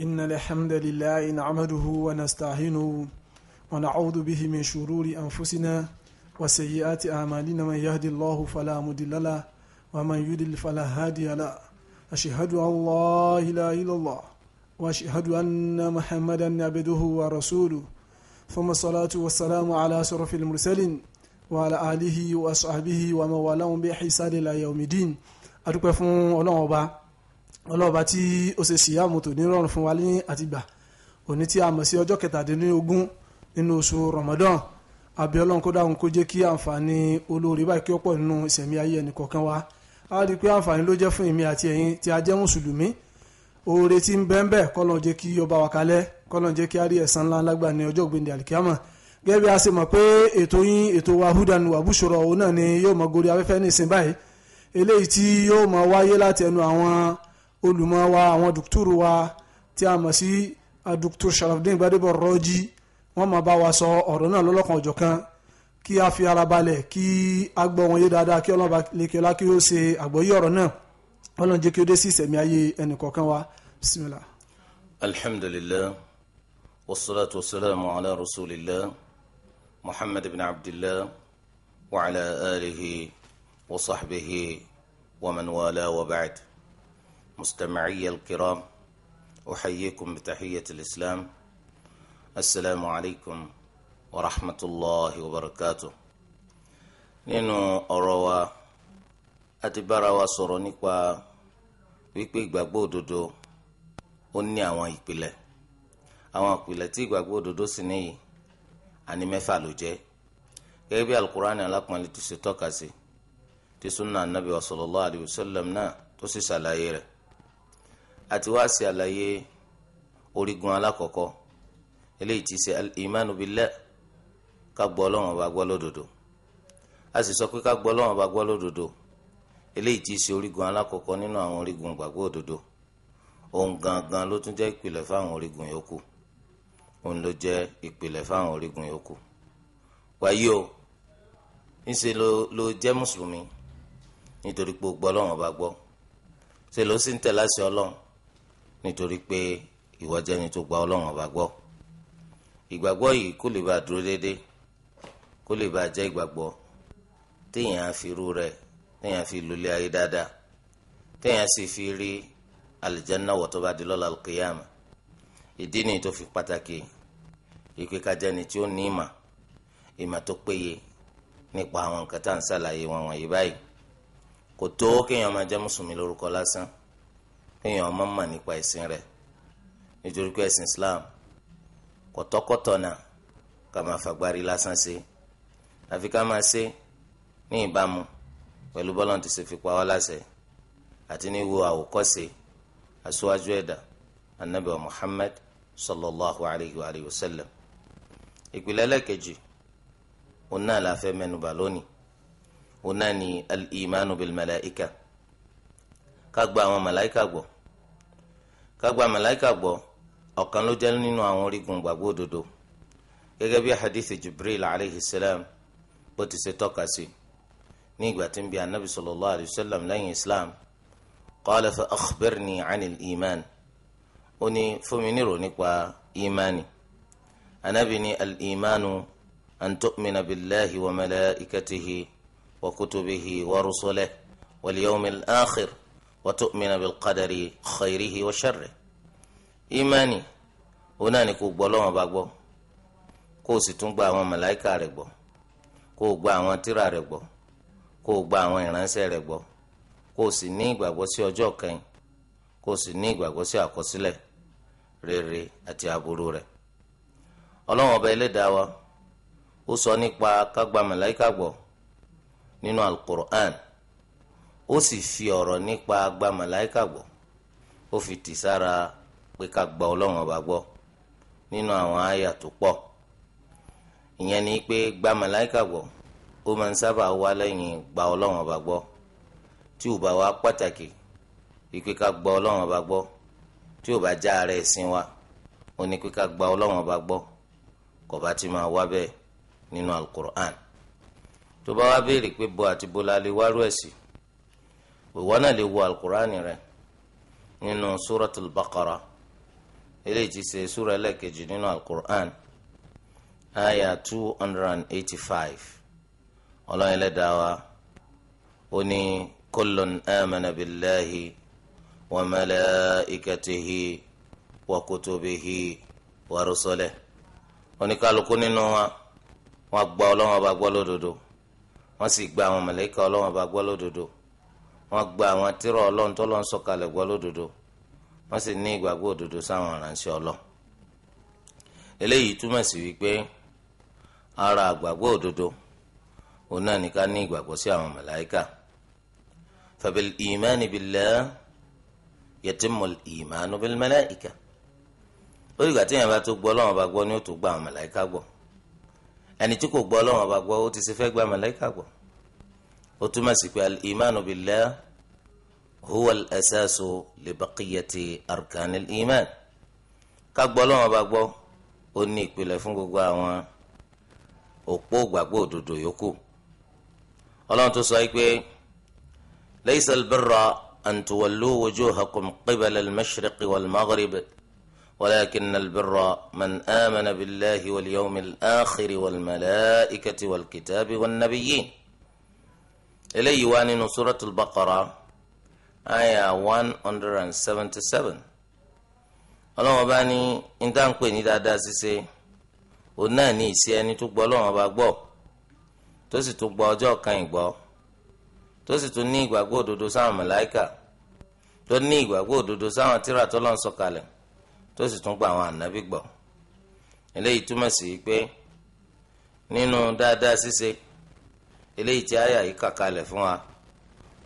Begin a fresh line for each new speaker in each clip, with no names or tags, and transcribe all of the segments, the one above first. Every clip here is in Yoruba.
إن الحمد لله نعمده ونستعينه ونعوذ به من شرور أنفسنا وسيئات أعمالنا من يهدي الله فلا مضل له ومن يضلل فلا هادي له أشهد أن لا إله إلا الله وأشهد أن محمدا عبده ورسوله ثم الصلاة والسلام على أشرف المرسلين وعلى آله وأصحابه ومن والاهم بإحسان إلى يوم الدين أتوقف أولا ọlọ́ọ̀bá tí ó ṣe síyàmù tò ní rọrùn fún wa ní àtìgbà òní tí a mọ̀ sí ọjọ́ kẹtàdínlógún nínú oṣù Ramadan àbí ọlọ́run kó dáhùn kó jẹ́ kí àǹfààní olórí báyìí kí ó pọ̀ nínú ìṣẹ̀mí ayé ẹnì kọ̀ọ̀kan wa a rí i pé àǹfààní ló jẹ́ fún èmi àti ẹ̀yin tí a jẹ́ mùsùlùmí oore tí ń bẹ ń bẹ kọ́lọ́n jẹ́ kí ó bá wa kalẹ̀ kọ́lọ́n jẹ́ kí a rí ẹ̀san ńlá lágbà ní ọjọ́ ògbéǹde àlìkíámà gẹ́gẹ́ bí a ṣe mọ̀ pé ètò yín ètò wa húdà ní wàbúṣọ̀rọ̀ òun náà ni yóò mọ gorí afẹ́fẹ́ ní ìsìn báyìí eléyìí tí yóò mọ wáyé láti ẹnu àwọn olùmọ̀ wa àwọn dùkútùrù wa tí a mọ̀ sí dùkútùrù Sharafdin Gbadebo Rọ́jí wọ́n máa bá wa sọ ọ̀rọ̀ náà lọ́lọ́kan ọ̀jọ̀kan kí a fi ara balẹ̀ kí a gbọ́ wọn yé dáadáa kí ọlọ́ba lèkè ọlá kí ó ṣe àgbọ́yé ọ̀rọ̀ náà ọlọ́run jẹ́ kí ó dé sí ìsẹ̀mí ayé ẹnìkọ̀ọ̀kan wa bisimilah.
alhamdulillah wasalaatu wasalaamu ala rasulillah muhammad ibn abdillah wa ala alihi wa sahbihi wa man wa ba'd. مستمعي الكرام أحييكم بتحية الإسلام السلام عليكم ورحمة الله وبركاته نينو أروا أتبارا وصورو نيكوا wípé ìgbàgbọ́ òdodo ó ní àwọn ìpìlẹ̀ àwọn ìpìlẹ̀ tí ìgbàgbọ́ òdodo sì níyì àní mẹ́fà ló jẹ́ gẹ́gẹ́ bí alukur'ani alápọ̀nlé ti ṣe tọ́ka sí ti sunna anabi wa sallallahu alayhi wa sallam náà tó sì ṣàlàyé rẹ̀ àti wá sí àlàyé orígun alákọ̀ọ́kọ́ eléyìí ti ṣe ìmánu billah ká gbọ́ Ọlọ́run ọba gbọ́ lódodo a sì sọ pé ká gbọ́ Ọlọ́run ọba gbọ́ lódodo eléyìí ti ṣe orígun alákọ̀ọ́kọ́ nínú àwọn orígun gbàgbọ́ òdodo òun gangan ló tún jẹ́ ìpìlẹ̀ fáwọn orígun yòókù òun ló jẹ́ ìpìlẹ̀ fáwọn orígun yòókù wáyé o ńṣe ló ló jẹ́ mùsùlùmí nítorí pé o gbọ́ Ọlọ́run ọba gbọ́ ṣe ló sì ń tẹ̀ láṣẹ Ọlọ́run nítorí pé ìwọ jẹ́ni tó gba ọlọ́run ọba gbọ́ ìgbàgbọ́ yìí kó lè bá dúró dédé kó lè bá jẹ́ ìgbàgbọ́ téèyàn á fi rú rẹ̀ téèyàn á fi lulẹ̀ ayé dáadáa téèyàn sì fi rí alìjẹ́nà wọ̀ tó bá di lọ́la alqiyama ìdí nìyí tó fi pàtàkì ìpè kájẹni tí ó ní ìmà ìmà tó péye nípa àwọn nǹkan tá à ń ṣàlàyé wọn wọ̀nyí báyìí kò tó kéèyàn máa jẹ́ mùsùlùmí lórúkọ lásán kéèyàn ọmọ mà nípa ẹ̀sìn rẹ̀ nítorí pé ẹ̀sìn Islam kọ̀tọ́kọ̀tọ̀ náà ká máa fagbárí lásán ṣe àfi ká máa ṣe ní ìbámu pẹ̀lú bọ́lọ́n ti ṣe fi pa wá láṣẹ àti ní wo àwòkọ́ṣe aṣáájú ẹ̀dá anabi wa Muhammad sallallahu alayhi wa alihi wa sallam ìpìlẹ̀ ẹlẹ́kejì òun náà la fẹ́ mẹ́nubà lónìí òun náà ni al-imanu bil malaika ká gba àwọn malaika gbọ́ ká gba màláìkà gbọ́ ọ̀kan ló jẹ́ nínú àwọn orígun gbàgbọ́ òdodo gẹ́gẹ́ bí hadith jibril alayhi salam bó ti ṣe tọ́ka sí ní ìgbà tí ń bi anabi sallallahu alayhi wa sallam lẹ́yìn islam qala fa akhbirni anil iman ó ní fún mi nírò nípa imani anabi ni al imanu an tu'mina billahi wa malaikatihi wa kutubihi wa rusulihi wal yawmil akhir wa tu'mina bil qadari khayrihi wa sharrihi ìmánì òun náà ni kò gbọ́ lọ́wọ́n bá gbọ́ kó o sì tún gba àwọn màláìka rẹ̀ gbọ́ kó o gba àwọn tírà rẹ̀ gbọ́ kó o gba àwọn ìránṣẹ́ rẹ̀ gbọ́ kó o sì ní ìgbàgbọ́ sí ọjọ́ kẹyìn kó o sì ní ìgbàgbọ́ sí àkọsílẹ̀ rere àti aburú rẹ̀ ọlọ́wọ́n ọba ẹlẹ́dàá wa ó sọ nípa ká gba gbọ́ nínú alukur'an ó sì fi ọ̀rọ̀ nípa gba màláìkà gbọ́ ó fi tì sára pé ká gba ọlọ́run ọba gbọ́ nínú àwọn àyà tó pọ̀ ìyẹn ni pé gba màláìkà gbọ́ ó máa ń sábà wá lẹ́yìn gba ọlọ́run ọba gbọ́ tí ò bá wá pàtàkì ìpè ká gba ọlọ́run ọba gbọ́ tí ò bá já ara ẹ̀sìn wa ó ní pé ká gba ọlọ́run ọba gbọ́ kò bá ti máa wá bẹ́ẹ̀ nínú alukur'an tó bá wá béèrè pé bo àti bo la lè wárú ẹ̀sìn ìwọ náà lè wo alukurani rẹ nínú suratul baqara eléyìí ti ṣe sura ẹlẹ́ẹ̀kejì nínú alukurani aya two hundred and eighty five ọlọ́run ẹlẹ́dàá wa ó ní kullun amana billahi wa malaikatihi wa kutubihi wa rusulihi oníkálukú nínú wa wọ́n gba ọlọ́run ọba gbọ́ lódodo wọ́n sì gba àwọn màláíkà ọlọ́run ọba gbọ́ lódodo wọ́n gba àwọn tírà ọlọ́run tó lọ́n sọ̀kalẹ̀ gbọ́ lódodo wọ́n sì ní ìgbàgbọ́ òdodo sáwọn aránṣẹ́ ọlọ́ eléyìí túmọ̀ sí wípé ara àgbàgbọ́ òdodo òun náà ní ká ní ìgbàgbọ́ sí àwọn màláíkà fabil ìmáni billah yatimul ìmánu bil màláíkà ó dìgbà tí èèyàn bá tó gbọ́ Ọlọ́run bá gbọ́ ni ó tó gba àwọn màláíkà gbọ́ ẹni tí kò gbọ́ Ọlọ́run bá gbọ́ ó ti ṣe fẹ́ gba màláíkà gbọ́ ó túmọ̀ sí pé al-imanu billah huwa al-asasu li baqiyati arkanil iman ká gbọ́ lọ́wọ́ bá gbọ́ ó ní ìpìlẹ̀ fún gbogbo àwọn òpó gbàgbọ́ òdodo yòókù ọlọ́run tó sọ pé laysa al-birra an tuwallu qibala mashriqi wal-maghrib ولكن البر من آمن بالله واليوم الآخر والملائكة والكتاب والنبيين eléyìí wá nínú suratul baqara aya one hundred and seventy seven ọlọ́wọ́n bá ní intanpe ní dáadáa ṣíṣe òun náà ní ìṣe ẹni tó gbọ́ ọlọ́wọ́n bá gbọ́ tó sì tún gbọ́ ọjọ́ kan ìgbọ́ tó sì tún ní ìgbàgbọ́ òdodo sáwọn màláíkà tó ní ìgbàgbọ́ òdodo sáwọn tírà tó lọ́n sọ̀kalẹ̀ tó sì tún gba àwọn ànábì gbọ́ eléyìí túmọ̀ sí pé nínú dáadáa ṣíṣe eléyìí tí àyà yìí kà kalẹ̀ fún wa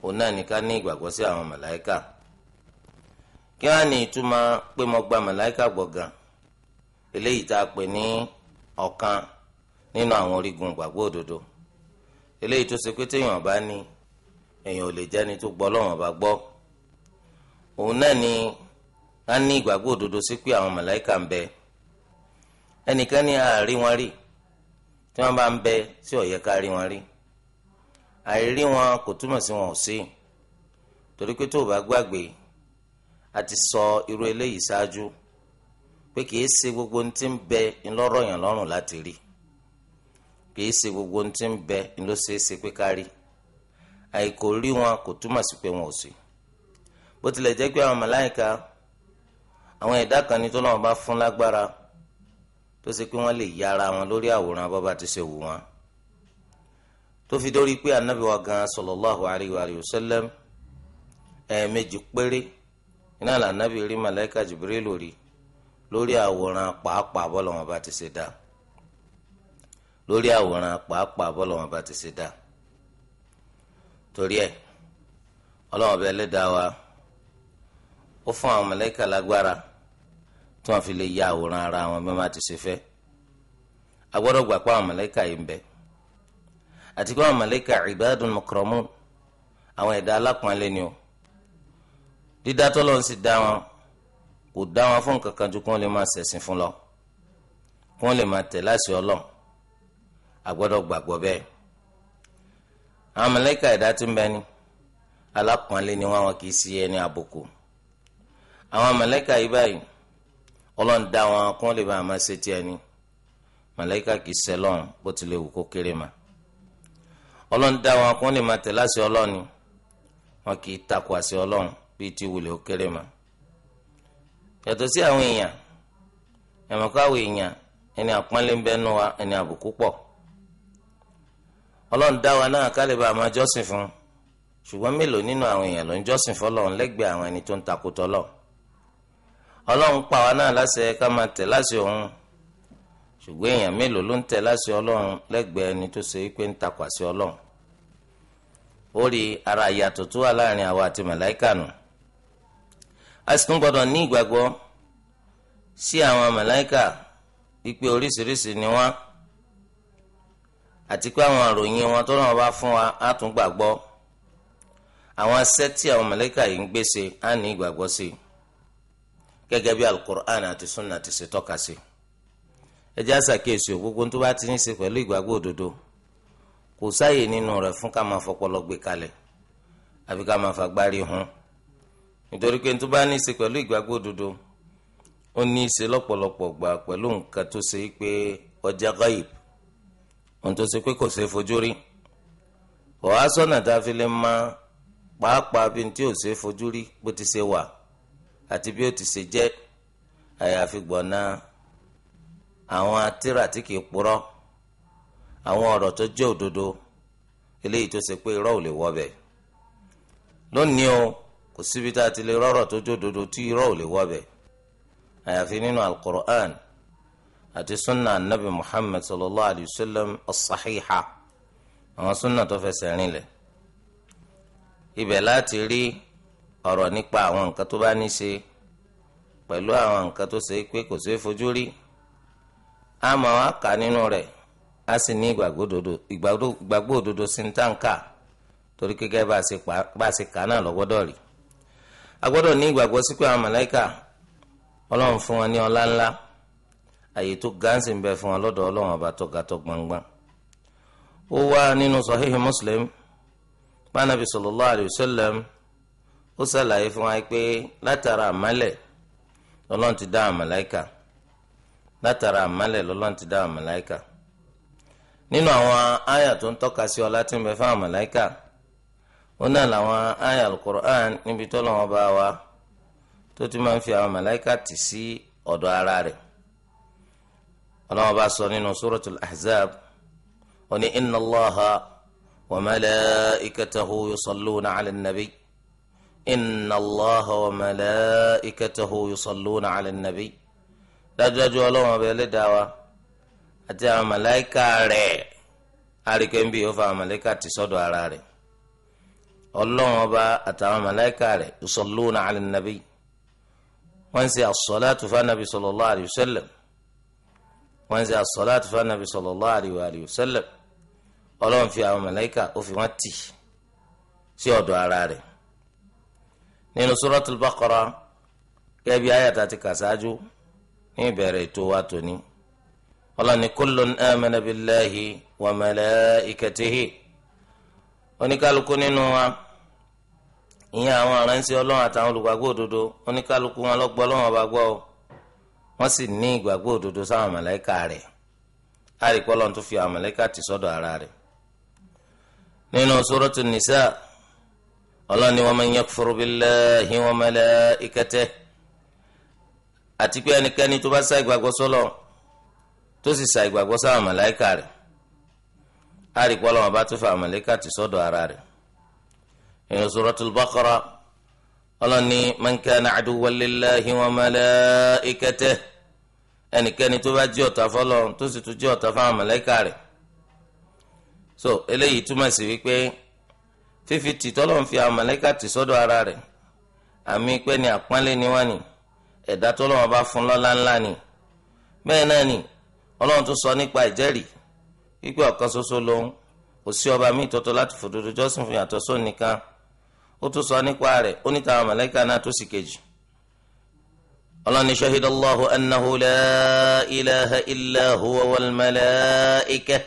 òun náà ní ká ní ìgbàgbọ́ sí àwọn màláìkà kí wọ́n á ní ìtumọ̀ pé mo gba màláìkà gbọ̀ngàn eléyìí tá a pè ní ọ̀kan nínú àwọn orígun ìgbàgbọ́ òdodo eléyìí tó ṣe pé téèyàn bá ní èèyàn ò lè jẹ́ni tó gbọ́ lọ́wọ́n bá gbọ́ òun náà ni a ní ìgbàgbọ́ òdodo sí pé àwọn màláìkà ń bẹ ẹnìkan ní àárín wọn rí tí wọ́n bá ń bẹ sí ó rí wọn rí àìrí wọn kò túmọ̀ sí wọn ò sí torí pé tó o bá gbàgbé a ti sọ irú eléyìí ṣáájú pé kìí ṣe gbogbo ní ti ń bẹ ńlọ́rọ̀ yàn lọ́rùn láti rí kìí ṣe gbogbo ní ti ń bẹ ńlọ ṣeé ṣe pé ká àìkò rí wọn kò túmọ̀ sí pé wọn ò sí bó tilẹ̀ jẹ́ pé àwọn màláìka àwọn ẹ̀dá kan ní tó náà bá fún lágbára tó ṣe pé wọ́n lè yára wọn lórí àwòrán bọ́ba ti ṣe wù wọ́n tó fi dórí pé anabi wa gan sallallahu alayhi wa sallam ẹ̀ẹ̀mejì péré iná là anabi rí malaika jibril lórí lórí àwòrán pàápàá bọ́lọ̀ wọn bá ti ṣe dá lórí àwòrán pàápàá bọ́lọ̀ wọn bá ti ṣe dá torí ẹ̀ ọlọ́wọ́n bẹ lẹ́dàá wa ó fún àwọn malaika lágbára tí wọ́n fi lè ya àwòrán ara wọn bí wọ́n bá ti ṣe fẹ́ agbọ́dọ̀ gbà pé àwọn malaika yìí ń bẹ́ẹ̀ àti pé àwọn màláíkà ibadun mukramun àwọn ẹ̀dá alápọ̀nlé ni o dídá tọ́lọ́run sì dá wọn kò dá wọn fún nǹkan kan ju kí wọ́n lè máa ṣẹ̀sìn fún lọ kí wọ́n lè máa tẹ̀ láṣẹ Ọlọ́run àgbọ́dọ̀ gbàgbọ́ bẹ́ẹ̀ àwọn màláíkà ẹ̀dá tí ń bẹ ni alápọ̀nlé ni wọn kì í sí ẹni àbùkù àwọn màláíkà yìí báyìí Ọlọ́run dá wọn kí wọ́n lè máa ṣe tiẹ̀ ni màláíkà kì í ṣẹlọ́run bó tilẹ̀ wù kó kéré máa ọlọ́run dá wọn kún lè máa tẹ̀ láṣẹ ni wọn kì í takò àṣẹ ọlọ́run bíi ti wùlé ó kéré ma yàtọ̀ sí àwọn èèyàn ẹ̀mọ̀kọ́ àwọn èèyàn ẹni àpọ́nlé ń bẹ́nu wa ẹni àbùkù pọ̀ ọlọ́run dá wa náà kálí bá a máa jọ́sìn fún ṣùgbọ́n mélòó nínú àwọn èèyàn ló ń jọ́sìn fọlọ́run lẹ́gbẹ̀ẹ́ àwọn ẹni tó ń takò tọ́lọ̀ ọlọ́run pa náà láṣẹ ká máa tẹ̀ láṣẹ òun ṣùgbọ́n èèyàn mélòó ló ń tẹ láṣẹ ọlọ́run lẹ́gbẹ̀ẹ́ ẹni tó ṣe pé ń takwà sí ọlọ́run ó rí ara ìyàtọ̀ tó wà láàrin àwa àti màláìkà nù a sì tún gbọ́dọ̀ ní ìgbàgbọ́ sí àwọn màláìkà wípé oríṣiríṣi ni wọ́n àti pé àwọn àròyìn wọn tó náà bá fún wa á tún gbàgbọ́ àwọn asẹ́ tí àwọn màláìkà yìí ń gbé ṣe á ní ìgbàgbọ́ sí gẹ́gẹ́ bí alukur'an àti sunna ti ṣe tọ́ka sí i. ẹjẹ́ àṣàkíyèsí gbogbo tó bá ti ní í ṣe pẹ̀lú ìgbàgbọ́ òdodo kò sáàyè nínú rẹ̀ fún ká máa fọpọlọ gbé kalẹ̀ àfi ká máa fàgbárí hun nítorí pé tó bá ní ṣe pẹ̀lú ìgbàgbọ́ òdodo ó ní ṣe lọ́pọ̀lọpọ̀ gbà pẹ̀lú nǹkan tó ṣe pé ọjà gáyìb ohun tó ṣe pé kò ṣe é fojú rí ọ̀há sọ́nà ti ṣe wà àti bí ó àwọn àtìrà tí kìí purọ́ àwọn ọ̀rọ̀ tó jẹ́ òdodo eléyìí tó ṣe pé irọ́ ò lè wọbẹ̀ lónìí o kò síbi tá a ti lè rọ́rọ̀ tó jẹ́ òdodo tí irọ́ ò lè wọbẹ̀ àyàfi nínú alukur'an àti sunna anabi muhammed sallallahu alayhi wa sallam as-sahiha àwọn sunna tó fẹsẹ̀ rinlẹ̀ ibẹ̀ láti rí ọ̀rọ̀ nípa àwọn nǹkan tó bá ní ṣe pẹ̀lú àwọn nǹkan tó ṣe pé kò ṣeé fojú rí. ama máa wá kà nínú rẹ̀ a sì ní ododo òdodo sí ń tànká torí keke bá a ṣe kà náà lọ́gbọ́dọ̀ rí a gbọ́dọ̀ ní ìgbàgbọ́ sí pé àwọn màláìka ọlọ́run fún wọn ní ọlá ńlá àyè tó gánsì ń bẹ fún wọn lọ́dọ̀ ọlọ́run ọba tó ga tó gbangban ó wá nínú Sahihi Muslim bánabi sallallahu alayhi wa sallam ó ṣàlàyé fún wa pé látara àmàlẹ̀ ọlọrun ti dá àwọn màláìka látara àmàlẹ̀ lọ́lọ́run ti dá àwọn màláìkà nínú àwọn àyà tó ń tọ́ka sí ọlá tí ń bẹ fáwọn màláìkà ó náà làwọn àyà alukur'an níbi tó lọ́wọ́ bá wa tó ti máa ń fi àwọn màláìkà tì sí ọ̀dọ̀ ara rẹ̀ ọlọ́wọ́ bá sọ nínú suratul ahzab ó ní inna allaha wa malaikatahu yusalluna ala nabi inna allaha wa malaikatahu yusalluna ala nabi dájúdájú ọlọ́run ọba ẹlẹ́dàá wa àti àwọn màláìka rẹ̀ àríkẹ́ ń bí ó fa àwọn màláìka ti sọ́dọ̀ ara rẹ̀ ọlọ́run ọba àtàwọn màláìka rẹ̀ ìsọlóòna àlẹ́ nàbí wọ́n ń ṣe àsọ̀láàtù fanabi sallallahu alayhi wa sallam wọ́n ń ṣe àsọ̀láàtù fanabi sallallahu alayhi wa sallam ọlọ́run fi àwọn màláìka ó fi wọ́n tì sí ọ̀dọ̀ ara rẹ̀ nínú suratul baqara kẹ́bi ayàtà ti kà sáájú ní ìbẹ̀rẹ̀ ètò wa tòní ọlọ́ni kullun amana billahi wa malaikatihi oníkálukú nínú wa ìyẹn àwọn aránsẹ́ ọlọ́run àtàwọn olùgbàgbọ́ òdodo oníkálukú wọn lọ́gbọ́ ọlọ́run ọba gbọ́ ọ wọ́n sì ní ìgbàgbọ́ òdodo sáwọn màláíkà rẹ̀ àríkọ́ tó fi àwọn màláíkà tì sọ́dọ̀ ara rẹ̀ nínú suratu nisa ọlọ́ni wa man yakfur billahi wa malaikatihi àti pé ẹnikẹ́ni tó bá sá ìgbàgbọ́ sọ́lọ̀ tó sì sá ìgbàgbọ́ sáwọn màláìka rẹ̀ á rí pọ́lọ́ wọn bá tó fa màláìka ti sọ́dọ̀ ara rẹ̀ inú suratul Baqara ọlọ́ni man kana aduwwan lillahi wa malaikatihi ẹnikẹ́ni tó bá jí ọ̀tá fọ́lọ́ tó sì tún jí ọ̀tá fáwọn màláìka rẹ̀ so eléyìí túmọ̀ sí wípé fífi tìtọ́lọ́ fi àwọn màláìka ti sọ́dọ̀ ara rẹ̀ àmì pé ni àpọ́nlé ni wọ́n ni ẹ̀dá tó lọ́wọ́ bá fún lọ́lá ńlá ni bẹ́ẹ̀ náà ni ọlọ́run tó sọ nípa ìjẹ́rìí wípé ọ̀kan ṣoṣo lòun kò sí ọba mi láti fòdodo jọ́sìn fún yàtọ̀ sóun nìkan ó tún sọ nípa rẹ̀ ó níta mọ̀lẹ́kà náà tó sì kejì ọlọ́run ní shahidallahu annahu la ilaha huwa ike.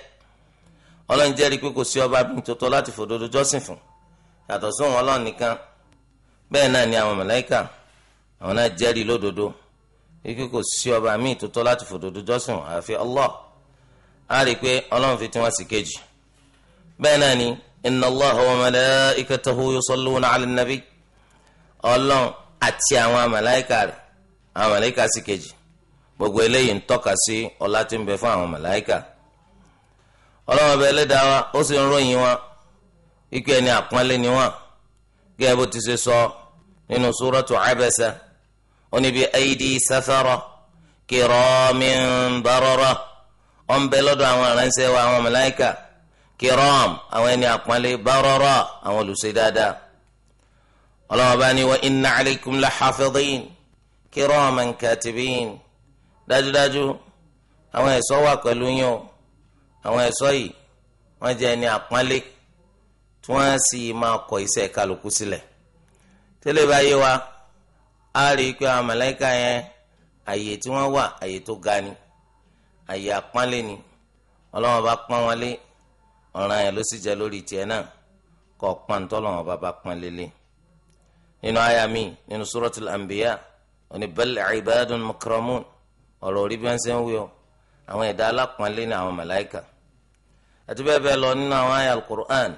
ọlọ́run jẹ́rìí pé kò sí láti fòdodo jọ́sìn àwọn náà jẹ́rìí lódodo ike kò sí ọba míì tó tọ́ láti fòdodo jọ́sìn àfi Allah á rí i pé ọlọ́run fi tí wọ́n sì kejì bẹ́ẹ̀ náà ni inna Allah wa malaikatahu yusalluna ala nabi ọlọ́run àti àwọn amàláìka rẹ̀ àwọn amàláìka sì kejì gbogbo eléyìí ń tọ́ka sí ọlá tí ń bẹ fún àwọn amàláìka ọlọ́run ọba ẹlẹ́dàá wa ó sì ń ròyìn wọn ike ẹni àpọ́nlé ni wọn gẹ́gẹ́ bó ti ṣe sọ nínú suratu oníbi aidi safara kiramin barara ọ̀nbẹ lọ́dọ̀ àwọn aránṣẹ́ wa àwọn màláíkà kiram àwọn ẹni àpọ́nlé barara àwọn olùṣe dáadáa ọlọ́wọ́ bá ní wa inna alaykum la hafidhin kiraman katibin dájúdájú àwọn ẹ̀ṣọ́ wà pẹ̀lú yín o àwọn ẹ̀ṣọ́ yìí wọ́n jẹ́ ẹni àpọ́nlé tí wọ́n sì máa kọ iṣẹ́ kálukú sílẹ̀
tẹ́lẹ̀ wa
a rí i pé àwọn màláìka yẹn àyè tí wọ́n wà àyè tó ga ni àyè àpọ́nlé ni ọlọ́wọ́n bá pọ́n wọn lé ọ̀ràn yẹn ló sì jẹ́ lórí tiẹ̀ náà kọ́ pọ́n tọ́lọ́wọ́n bá bá pọ́n lélẹ̀ nínú àyà mi nínú suratul anbiya òní bal ibadun mukramun ọ̀rọ̀ orí bí wọ́n ṣe ń wí o àwọn ẹ̀dá alápọ̀nlé ni àwọn màláìka àti bẹ́ẹ̀ bẹ́ẹ̀ lọ nínú àwọn àyà al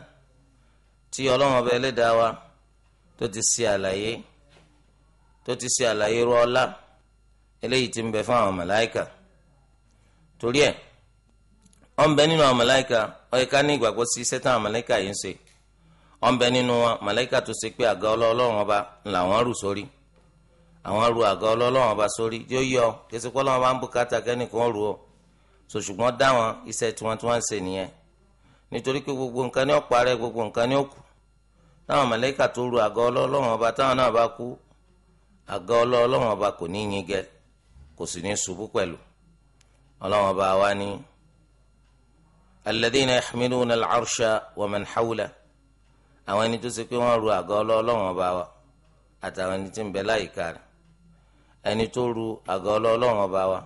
tí ọlọ́wọ́n bá ẹlẹ́dàá wa tó ti ṣe àlàyé tó ti ṣe àlàyé irú ọlá eléyìí tí ń bẹ fún àwọn màláìkà torí ẹ̀ ọ̀n bẹ nínú àwọn màláìkà ó yẹ ká ní ìgbàgbọ́ sí iṣẹ́ táwọn màláìkà yìí ń ṣe ọ̀n bẹ nínú wọn màláìkà tó ṣe pé àga ọlọ́ọ̀lọ́wọ́n ọba làwọn rù sórí àwọn rù àga ọlọ́ọ̀lọ́wọ́n ọba sórí yóò yọ kẹsì pọ́ lọ́wọ́ bá ń bùkátà kẹ́nìkan rù ọ́ so ṣùgbọ́n dáwọn iṣẹ́ tí wọ́n ń ṣe nìyẹn nítorí pé gbogbo nǹkan ní ó parẹ́ gbogbo nǹkan ní ó táwọn màláìkà tó rù àga ọlọ́ọ̀lọ́wọ́n ọba táwọn náà bá kú àga ọlọ́ọ̀lọ́wọ́n ọba kò ní yín gẹ kò sì ní ṣubú pẹ̀lú ọlọ́wọ́n ọba wa ní alladhina yahmiluna al-arsha wa man hawla àwọn ẹni tó ṣe pé wọ́n ru àga ọlọ́ọ̀lọ́wọ́n ọba wa àtàwọn ẹni tí ń bẹ láyìíká rẹ̀ ẹni tó ru àga ọlọ́ọ̀lọ́wọ́n ọba wa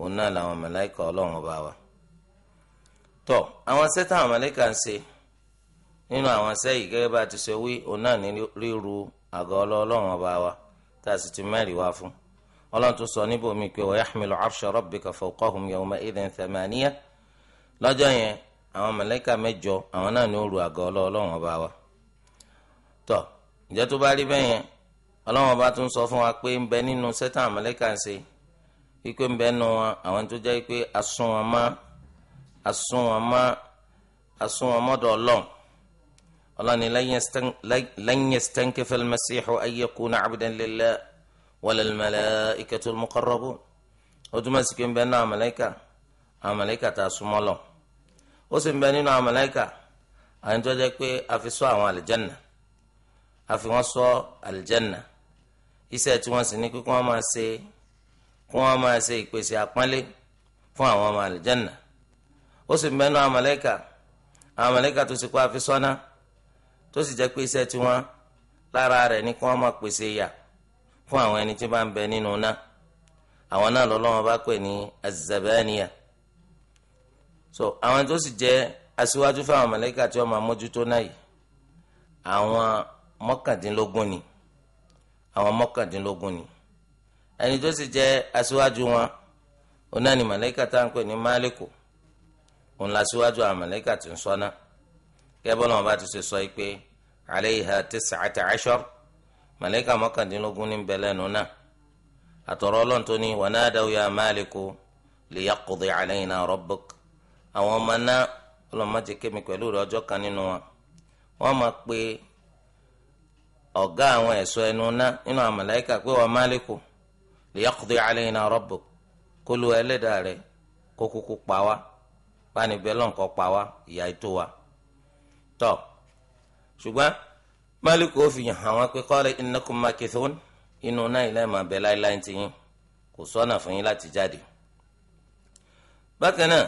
òun náà làwọn màláíkà ọlọ́wọ́n ọba wa tọ àwọn sẹ́tà àwọn màláíkà ń ṣe nínú àwọn sẹ́yìn gẹ́gẹ́ bá ti ṣe wí òun náà ní ríru àga ọlọ́ọ̀lọ́wọ́n ọba wa tá a sì ti mẹ́rin wá fún ọlọ́run tó sọ níbo mi pé wa yahmilu arsha rabbika fawqahum yawma idhin thamaniya lọ́jọ́ yẹn àwọn màláíkà mẹ́jọ àwọn náà ní òru àgọ́ ọlọ́run ọba wa tọ́ ìjẹ́ tó bá rí bẹ́ẹ̀ yẹn ọlọ́run ọba tún sọ fún wa pé ń bẹ nínú sẹ́tàn àmàlẹ́kà ń ṣe wípé ń bẹ nù wọn àwọn tó jẹ́ pé asún wọn mọ́ asún wọn mọ́ asún wọn mọ́dọ̀ ọlọ́run ọlọ́ni lan yastankifa al-masihu an yakuna abdan lillahi wala al-malaikatu al-muqarrabun ó túmọ̀ sí pé ń bẹ nínú àwọn màláíkà àwọn màláíkà tá a súnmọ́ lọ ó sì ń bẹ nínú àwọn màláíkà àwọn tó jẹ́ pé a fi ṣọ́ àwọn àlìjánà a fi wọ́n ṣọ́ àlìjánà iṣẹ́ tí wọ́n sì ní kí wọ́n máa ṣe kí wọ́n máa ṣe ìpèsè àpọ́nlé fún àwọn ọmọ àlìjánà ó sì ń bẹ nínú àwọn màláíkà tó sì kó a fi ṣọ́ná tó sì jẹ́ pé iṣẹ́ tiwọn lára rẹ̀ ní kí wọ́n máa pèsè yà fún àwọn ẹni tí bá ń bẹ nínú náà àwọn náà lọ́lọ́wọ́n bá pè ní azabaniya so àwọn tó sì jẹ́ aṣíwájú fáwọn mọ̀lẹ́kà tí wọ́n máa mójútó náà yìí àwọn mọ́kàndínlógún ni àwọn mọ́kàndínlógún ni ẹni tó sì jẹ́ aṣíwájú wọn òun náà ni mọ̀lẹ́kà tá ń pè ní máàlíkù òun la aṣíwájú àwọn mọ̀lẹ́kà tí ń sọ náà kẹ́bọ́n náà bá ti ṣe sọ yìí pé alayha tis'ata ashar màláíkà mọ́kàndínlógún ní bẹ̀lẹ́ nù náà àtọ̀rọ̀ ọlọ́ntò ní wanadaw ya máàlíkù liyaqdi alayna rabbuk àwọn ọmọ náà ọlọ́mọdé kémi pẹ̀lú rẹ̀ ọjọ́ kan nínú wọn wọ́n máa pe ọ̀gá àwọn ẹ̀ṣọ́ ẹnu náà nínú àwọn màláíkà pé wa máàlíkù liyaqdi alayna rabbuk kó lu ẹlẹ́dàá rẹ̀ kó kúkú pa wá báni bẹ́ẹ̀ lọ́nkọ́ pa wá ìyà ètò wa tọ́ ṣùgbọ́n málìkù ó fi hàn wọ́n pé qala innakum makithun inú náà ilẹ̀ máa bẹ láéláé ti yín kò sọ́nà fún yín láti jáde. bákan náà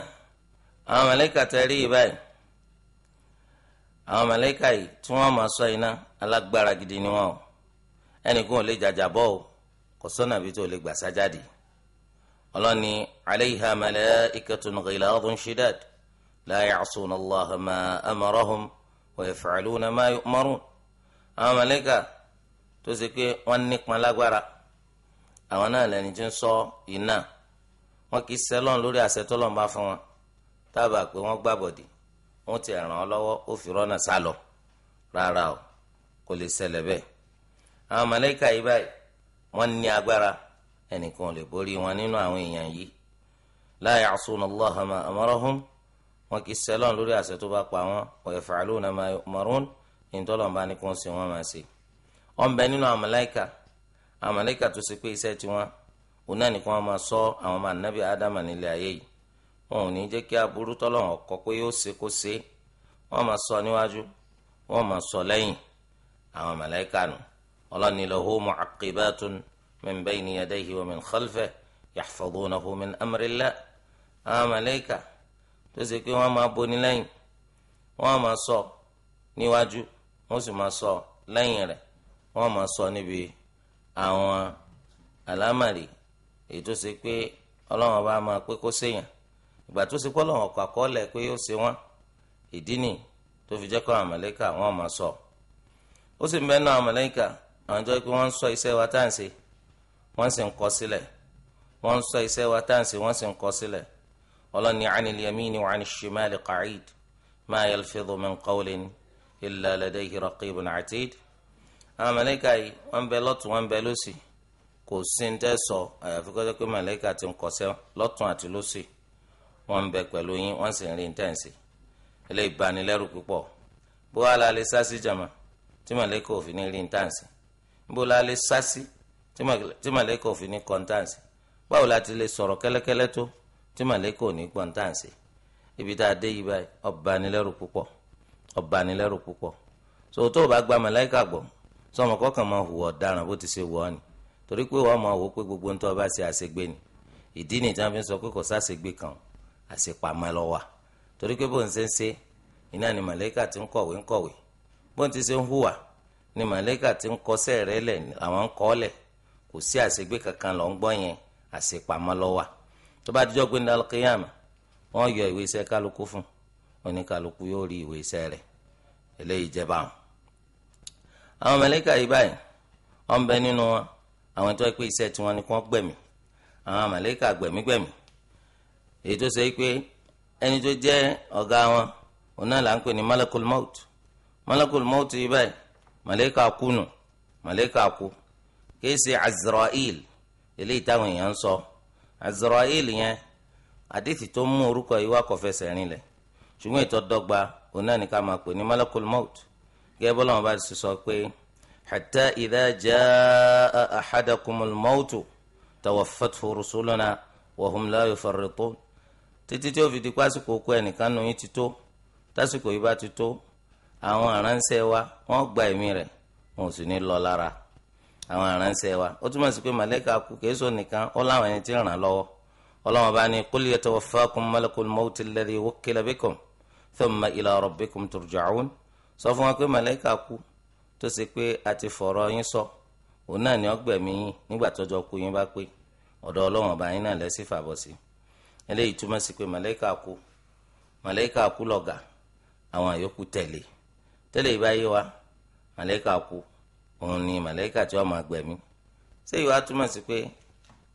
àwọn màláíkà tẹ rí yìí báyìí àwọn màláíkà yìí tí wọ́n máa ṣọ́ iná alágbára gidi ni wọ́n o ẹnìkan ò lè jàjà bọ́ o kò sọ́nà bí tó lè gbà jáde. ọlọ́ni alayha malaikatun ghiladun shidad la ya'suna allaha ma amarahum. wayaf'aluna ma yu'marun àwọn màlàíkà tó ṣe pé wọ́n nípọn lágbára àwọn náà lẹni tí ń sọ iná wọn kì í sẹlọ́n lórí àṣẹ tó lọ́n fún wọn tábà pé wọ́n gbàbọ̀dì wọ́n ti ràn án lọ́wọ́ ó fi rọ́nà sá lọ rárá o kò lè ṣẹlẹ̀ bẹ́ẹ̀ àwọn màlàíkà yìí báyìí wọ́n ní agbára ẹnìkan lè borí wọn nínú àwọn èèyàn yìí wọn kì í sẹ́lọ̀n lórí àṣẹ tó bá pa wọn wa yaf'aluna ma yu'marun ìtọ́lọ́mbá ni kò ń ṣe wọn máa ṣe. wọn bẹ nínú àwọn màláíkà àwọn tó ṣe pé iṣẹ́ tiwọn òun náà nìkan máa sọ àwọn máa nábì ádámà nílé ayé yìí wọn ò ní jẹ́ kí aburú tọ́lọ́wọ̀n kọ́ pé yóò ṣe kó ṣe wọn máa sọ níwájú wọn máa sọ lẹ́yìn àwọn màláíkà nù ọlọ́ni lahu mu'aqqibatun min bayni yadayhi wa min khalfihi yahfazunahu tó ṣe pé wọ́n máa boni lẹ́yìn wọ́n máa sọ níwájú wọ́n sì máa sọ lẹ́yìn rẹ̀ wọ́n máa sọ níbi àwọn àlámàrí èyí tó ṣe pé ọlọ́run bá máa pé kó séyàn ìgbà tó ṣe pé ọlọ́run ọkọ̀ àkọọ́lẹ̀ pé ó ṣe wọ́n ìdí nìyí tó fi jẹ́ kó àwọn màláíkà máa sọ ó sì ń bẹ́ẹ̀ náà àwọn àwọn jọ pé wọ́n ń sọ iṣẹ́ wa tá à ń ṣe wọ́n sì ń kọ sílẹ̀ wọ́n ń sọ iṣẹ́ wa tá à ń ṣe wọ́n sì ń kọ sílẹ̀ ọlọ́ni anil yamini wa anil shimali qa'id ma yalfidhu min qawlin illa ladayhi raqibun atid àwọn mẹlẹ́kà yìí wọ́n bẹ lọ́tún wọ́n bẹ lọ́sì kò sí ní tẹ́ sọ àyàfi kọ́jọ́ pé mẹlẹ́kà ti ń kọsẹ́ lọ́tún àti lọ́sì wọ́n bẹ pẹ̀lú yín wọ́n sì ń rí ntẹ́ǹsì ilé ìbanilẹ́rù púpọ̀ bó wàá la lè tí mẹlẹ́kà òfin ní rí ntẹ́ǹsì bó la lè tí mẹlẹ́kà òfin ní kọ́ńtẹ́ǹsì báwo la lè sọ̀rọ̀ kẹ́lẹ́kẹ́lẹ́ tó tí màlẹ́kà ò ní gbọ́n tá à ń ṣe ibi tá a dé yìí báyìí ọ̀bánilẹ́rù púpọ̀ ọ̀bánilẹ́rù púpọ̀ so tó o bá gba màlẹ́kà gbọ́ sọmọ kọ́kàn máa hùwà ọ̀daràn bó ti ṣe wù ọ́ ni torí pé wọ́n máa wò ó pé gbogbo ntọ́ bá ṣe àṣegbé ni ìdí ni tí wọ́n fi sọ pé kò sáṣegbé kan àṣepamọ́ lọ wà torí pé bó ń ṣe ń ṣe iná ni màlẹ́kà ti ń kọ̀wé ń kọ̀wé bó ń ti ṣe ń hùwà ni màlẹ́kà ti ń kọsẹ́ rẹ̀ lẹ̀ àwọn ń kọ́ lẹ̀ kò sí àṣegbé kankan lọ́ ń gbọ́ yẹn àṣepamọ́ lọ tó bá dijọ́ gbé ndàlọ́ kéyàmà wọ́n yọ ìwé iṣẹ́ kálukú fún oníkálukú yóò rí ìwé iṣẹ́ rẹ̀ eléyìí jẹ́ báwọn. àwọn yìí báyìí wọ́n bẹ nínú wọn àwọn tó yẹ pé iṣẹ́ tiwọn ni wọ́n gbẹ̀mí àwọn gbẹ̀mígbẹ̀mí èyí tó ṣe pé ẹni tó jẹ́ ọ̀gá wọn òun náà là ń pè ní So azrael yẹn àdìsí tó mú orúkọ yìí wá kò fẹsẹ̀ rinlẹ̀ ṣùgbọ́n ètò dọ́gba òun náà ní ká máa pè ní malakul maut gẹ́gẹ́ bọ́lá wọn bá ti sọ pé hatta idha jaa ahadakumul mautu tawaffathu rusuluna wa hum títí tí ó fi di pásìkò kú ẹnìkan nù yín ti tó tásìkò yìí bá ti tó àwọn aránṣẹ́ wa wọ́n gba ẹ̀mí rẹ̀ wọn ò sì ní lọ lára. àwọn aránṣẹ́ wa ó túmọ̀ sí pé màlẹ́kà kú kéésù nìkan ó láwọn ẹni tí ń ràn lọ́wọ́ ọlọ́wọ́n bá ní qul yatawaffakum bekom mawti alladhi wukkila bikum thumma ila rabbikum kwe sọ fún wa pé a ti fọ̀rọ̀ yín sọ òun náà ni yín nígbà kú yín bá pé ọ̀dọ̀ ọlọ́wọ́n bá òun ni màláìkà tí wọ́n máa gbẹ̀mí ṣé ìwà túmọ̀ sí pé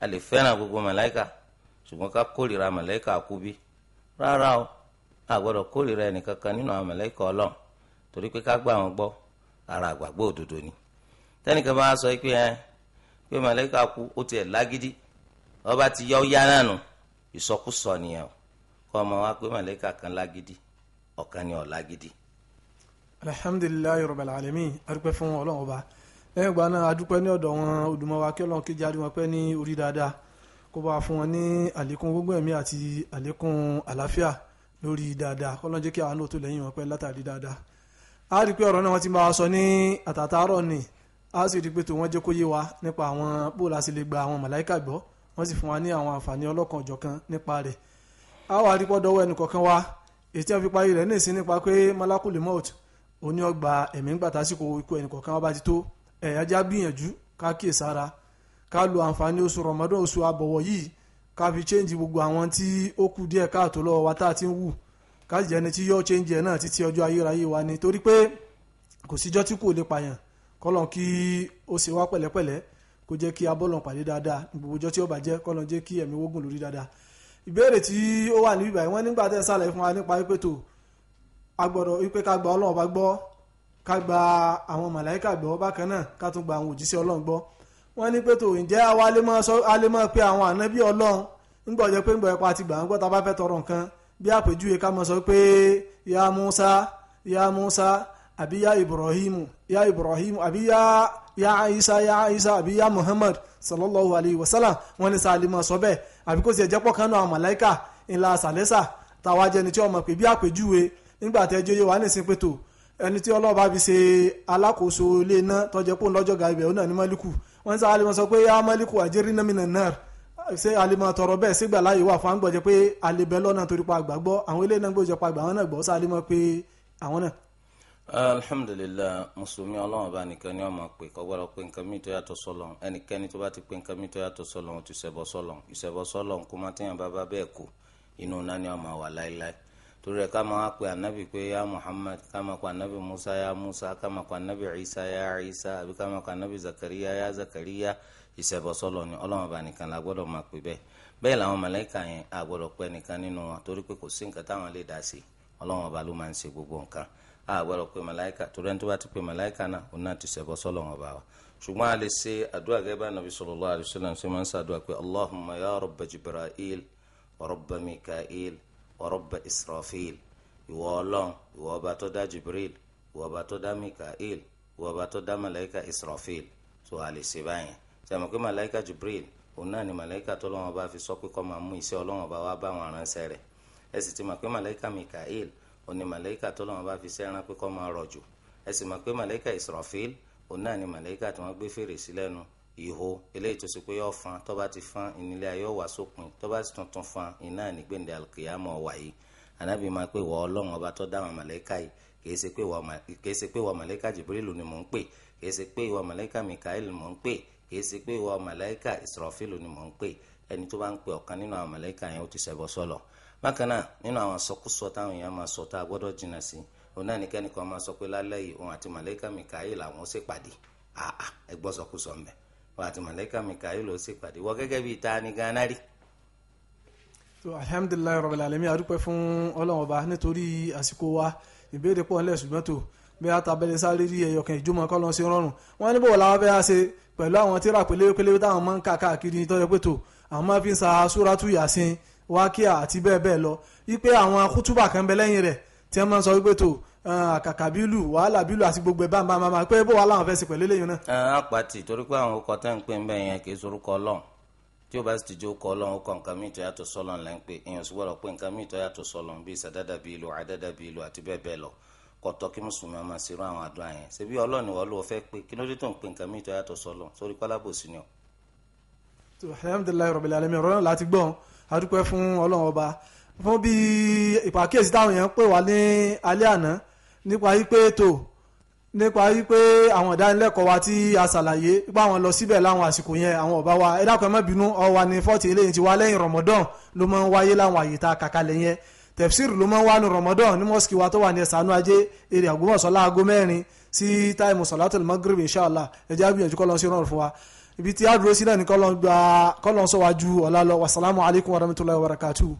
a lè fẹ́ràn gbogbo màláìkà ṣùgbọ́n ká kórìíra màláìkà kú bí rárá o a gbọ́dọ̀ kórìíra ẹnìkankan nínú àwọn màláìkà ọlọ́run torí pé ká gbà wọ́n gbọ́ ara àgbàgbọ́ òdodo ni tẹ́nìkan bá sọ pé ẹ pé màláìkà kú ó tiẹ̀ lágídí bá ti yọ ọ́ náà nù ìsọkúsọ nìyẹn o kọ́ ọmọ wa pé màláìkà kan lágídí ọ̀kan ni ọ̀ lágídí
alhamdulilayi rabbil alamin adúpẹ́ fún ọlọ́run ọba lẹ́yìn ìgbà náà adúpẹ́ ní ọ̀dọ̀ wọn olùmọ̀wá kí ọlọ́run kí jáde wọn pẹ́ ní orí dáadáa kó bá fún wọn ní àlékún gbogbo ẹ̀mí àti àlékún àlàáfíà lórí dáadáa kọ́ lọ́n jẹ́ kí àwọn náà tó lẹ́yìn wọn pẹ́ látàrí dáadáa a rí i pé ọ̀rọ̀ náà wọ́n ti máa sọ ní àtàtàárọ̀ ni a sì rí i pé tó wọ́n jẹ́ kó yé wa nípa àwọn bóòlù àti lè gba àwọn màláìkà gbọ́ wọ́n sì fún wa ní àwọn òní ọgbà ẹ̀mí ń gbàtà síkò ikú ẹnì kọ̀ọ̀kan wọn bá ti tó ẹ̀yà já gbìyànjú ká kíyè sára ká lo àǹfààní oṣù Ramadan oṣù àbọ̀wọ̀ yìí ká fi change gbogbo àwọn tí ó kù díẹ̀ káàtó lọ́wọ́ wa tá a ti ń wù ká sì jẹ́ni tí yóò change ẹ̀ náà títí ọjọ́ ayérayé wa ni torí pé kò síjọ́ tí kò lè pààyàn kọ́lọ́n kí ó ṣe wá pẹ̀lẹ́pẹ̀lẹ́ kó jẹ́ kí abọ́lọ̀ pàdé dáadáa gbogbo agbọdọ gbọ́dọ̀ wípé ká gba ọlọ́run bá gbọ́ ká gba àwọn màláìkà gbọ́ bákan náà ká tún gba àwọn òjíṣẹ́ ọlọ́run gbọ́ wọ́n ní pé tó ǹjẹ́ àwa alẹ́ mọ́ pé àwọn ànábì ọlọ́run ńgbọ́ jẹ́ pé ńgbọ́ ẹ̀pá ti gbà ń gbọ́ tá a bá fẹ́ tọrọ nǹkan bí àpèjúwe ká mọ̀ sọ pé ya Musa ya Musa àbí ya Ibrahim ya Ibrahim àbí ya ya isa ya isa àbí ya muhammad sallallahu alayhi wa sallam wọn ní sáà lè máa sọ bẹ́ẹ̀ àbí kó sì ẹjẹ pọ kánú àwọn mọlẹka ńlá sàlẹsà táwa jẹni tí ọmọ pé bí àpèjúwe nígbà tẹ́ jóyè wà nísìnyí pé tó ẹni tí ọlọ́run bá fi ṣe alákòóso ilé iná tọ́jẹ́ pò ń lọ́jọ́ ga ibẹ̀ ó náà ní mọ́líkù wọ́n sá alẹ́ wọn sọ pé yá mọ́líkù àjẹrí náà mìíràn náà ṣé alimọ̀ tọrọ bẹ́ẹ̀ sígbà láyé wà fún àgbọ̀jẹ́ pé alẹ́bẹ̀ lọ́nà torí pa àgbà gbọ́ àwọn ilé iná gbọ́jọ́ pa àgbà àwọn náà gbọ́ sá alimọ̀ pé àwọn náà.
alhamdulilayi mùsùlùmí ọlọ́run bá nìkan ni wọ́n máa pè pé nǹkan mi tó yàtọ̀ sọ́lọ̀ tó bá ti pé nǹkan mi tó yàtọ̀ sọ́lọ̀ ti ṣẹbọ sọ́lọ̀ ìṣẹbọ sọ́lọ̀ kó má téèyàn bá bá bẹ́ẹ̀ kú inú náà ni wọ́n wà láéláé torí ẹ ká máa pe anabi pé ya muhammad ká máa pe anabi musa ya musa ká máa pe anabi isa ya isa àbí ká máa pe anabi zakariya ya zakariya ìṣẹ̀bọ̀sọ́lọ̀ ni ọlọ́run ọba nìkan la gbọ́dọ̀ máa pè bẹ́ẹ̀ bẹ́ẹ̀ làwọn mọ̀lẹ́kà yẹn a gbọ́dọ̀ pè nìkan nínú wọn torí pé kò sí nǹkan táwọn lè dá sí ọlọ́run ọba ló máa ń ṣe gbogbo nǹkan a gbọ́dọ̀ pè mọ̀lẹ́kà torí ẹni tó bá ti pè mọ̀lẹ́kà náà òun náà ti ṣẹ̀bọ̀sọ́lọ̀ wọn bá wa ṣùgbọ́n a lè ṣe àdúrà gẹ́gẹ́ nàbí sallallahu alaihi wasallam ṣe máa ń pé allahumma ya rabba jibril wa rabba mikael wa rabba israfil ìwọ ọlọ́run ìwọ ọba tó dá jibril ìwọ ọba tó dá mikael ìwọ ọba tó dá malaika israfil tó a lè ṣe báyẹn sẹ́mi pé malaika jibril òun náà ni malaika tó lọ́wọ́ bá fi sọ pé kọ́ máa mú iṣẹ́ ọlọ́wọ́ bá wá bá àwọn aránṣẹ́ rẹ̀ ẹ sì ti mọ̀ pé malaika mikael òun ni malaika tó lọ́wọ́ bá fi ṣẹ́ rán pé kọ́ máa rọ̀jò ẹ sì mọ̀ pé malaika israfil òun náà ni malaika tí wọ́n gbé fèrè sí lẹ́nu ìhó eléyìí tó ṣe pé yọ fan tó bá ti fan ìnílẹ̀ ayé ọ̀wà sópin tó ti tuntun fan iná nígbèǹdẹ̀ alkiyamọ̀ ọ̀wà yìí anábì máa pé wọ́n ọlọ́run ọba tó dá àwọn màlẹ́kà yìí kìí ṣe pé wọ́n màlẹ́kà Jibrilu ni mò ń pè kìí ṣe pé wọ́n màlẹ́kà Mikael mò ń pè kìí ṣe pé wọ́n màlẹ́kà Israfilu ni mò ń pè ẹni tó bá ń pè ọ̀kan nínú àwọn màlẹ́kà yẹn ó ti ṣẹbọ sọ́lọ̀ bákan náà nínú àwọn sọkúsọ táwọn èèyàn máa sọ tá a gbọ́dọ̀ jìnnà sí òun náà nìkẹ́ni máa sọ pé lálẹ́ yìí òun àti màlẹ́kà Mikael àwọn ó ṣèpàdé àà ẹgbọ́sọkúsọ mẹ́ẹ̀ wà àti màlẹ́kà Mikael ó sì pàdé wọ́n gẹ́gẹ́ bíi ta ni gánà rí.
so alhamdulilayi rabbil alamin adúpẹ́ fún ọlọ́run ọba nítorí àsìkò wa ìbéèrè pọ̀ nílẹ̀ ṣùgbọ́n tó bí a tàbẹ̀lẹ̀ sáré rí ẹ̀yọkàn ìjùmọ̀ kọ́ lọ sí rọrùn wọ́n ní bò làwọn fẹ́ ṣe pẹ̀lú àwọn tíra pélépélé táwọn máa ń kà káàkiri tọ́jọ́ pé tó àwọn máa fi ń sa súrátù yàsín wákíà Ah, kàkàbílù wàhálà bílù àti gbogbo ẹ̀ bá máa máa pé bó wà láwọn fẹ́ sí pẹ̀lú eléyìí náà. ẹ
ah, àpàtì torí pé àwọn ọkọ tá à ń pè ń bẹ yẹn kì í sorúkọ Ọlọ́run tí o bá sì ti jó kọ Ọlọ́run kọ nǹkan míì tó yàtọ̀ sọ́lọ́run là ń pè èèyàn sì gbọ́dọ̀ pé nǹkan míì tó yàtọ̀ sọ́lọ́run bíi sàdádà bíi ìlú àdádà bíi ìlú àti bẹ́ẹ̀ bẹ́ẹ̀ lọ kọtọ kí mùsùlùmí máa ṣerú àwọn àdúrà yẹn ṣebí Ọlọ́run ìwọ ló fẹ́ pé kí ló dé tó ń pè nǹkan míì tó yàtọ̀ sọ́lọ́run sórí pálábòsí ni ọ.
alhamdulilayi rabbil alamin rọrùn láti gbọ́n adúpẹ́ fún Ọlọ́run ọba fún bí ìpàkíyèsí nípa wípé tó nípa wípé àwọn ìdánilẹ́kọ̀ọ́ wa tí a ṣàlàyé àwọn lọ síbẹ̀ láwọn àsìkò yẹn àwọn ọba wa ẹ dákun ẹ má bínú ọwà ní fọ́ọ̀tì eléyìí ti wá lẹ́yìn Ramadan ló máa ń wáyé láwọn àyè tá a kàkalẹ̀ yẹn tefsir ló máa ń wá ní Ramadan ní mọ́sìkì wa tó wà ní ẹ̀sánú ajé èrè Ògbómọ̀ṣọ́ láago mẹ́rin sí táìmù sọ̀látùl Maghrib inshallah ẹ̀jẹ̀